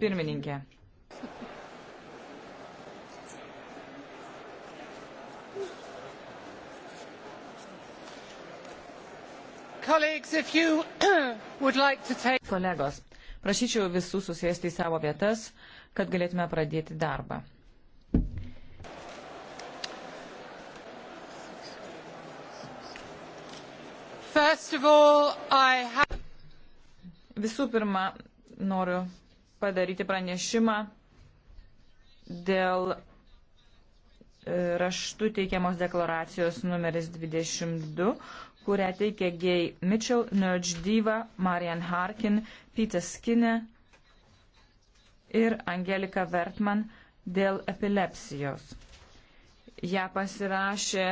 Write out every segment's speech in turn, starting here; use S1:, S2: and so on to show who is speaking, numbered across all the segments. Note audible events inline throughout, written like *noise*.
S1: Pirmininkė. *clears throat* Kolegos, prašyčiau visų susėsti į savo vietas, kad galėtume pradėti darbą. First of all, I have... Visų pirma, noriu padaryti pranešimą dėl e, raštų teikiamos deklaracijos numeris 22, kurią teikia Gay Mitchell, Nudge Diva, Marian Harkin, Peter Skinner ir Angelika Vertman dėl epilepsijos. Ja pasirašė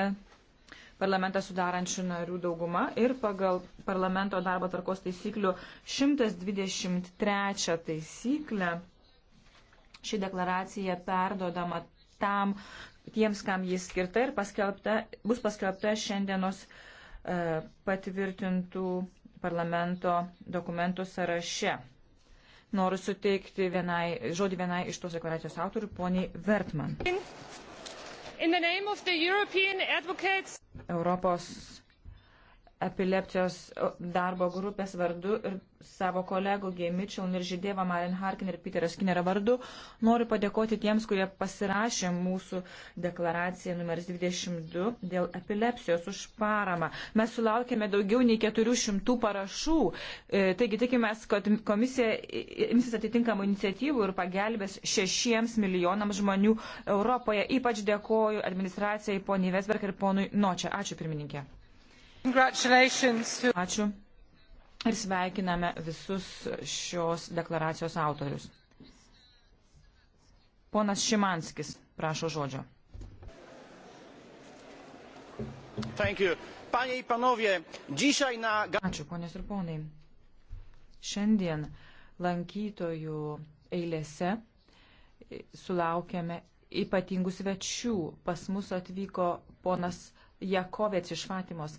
S1: parlamentą sudarančių narių dauguma ir pagal parlamento darbo tvarkos taisyklių 123 taisyklę ši deklaracija perdodama tam, tiems, kam jis skirta ir paskelbta, bus paskelbta šiandienos e, patvirtintų parlamento dokumentų sąraše. Noriu suteikti vienai, žodį vienai iš tos deklaracijos autorių, poniai Vertman. Europos epilepsijos darbo grupės vardu ir savo kolegų G. Mitchell, Niržydėva, Marin Harkin ir Peterio Skinnerio vardu noriu padėkoti tiems, kurie pasirašė mūsų deklaraciją numeris 22 dėl epilepsijos už paramą. Mes sulaukėme daugiau nei 400 parašų, e, taigi tikimės, kad komisija imsis atitinkamų iniciatyvų ir pagelbės šešiems milijonams žmonių Europoje. Ypač dėkoju administracijai poniai Vesberg ir ponui Nočia. Ačiū pirmininkė. Ačiū ir sveikiname visus šios deklaracijos autorius. Ponas Šimanskis prašo žodžio. Panie i panowie, dzisiaj na... Ačiū, ponės ir ponai. Šiandien lankytojų eilėse sulaukėme ypatingų svečių. Pas mus atvyko ponas Jakovec iš Fatimos.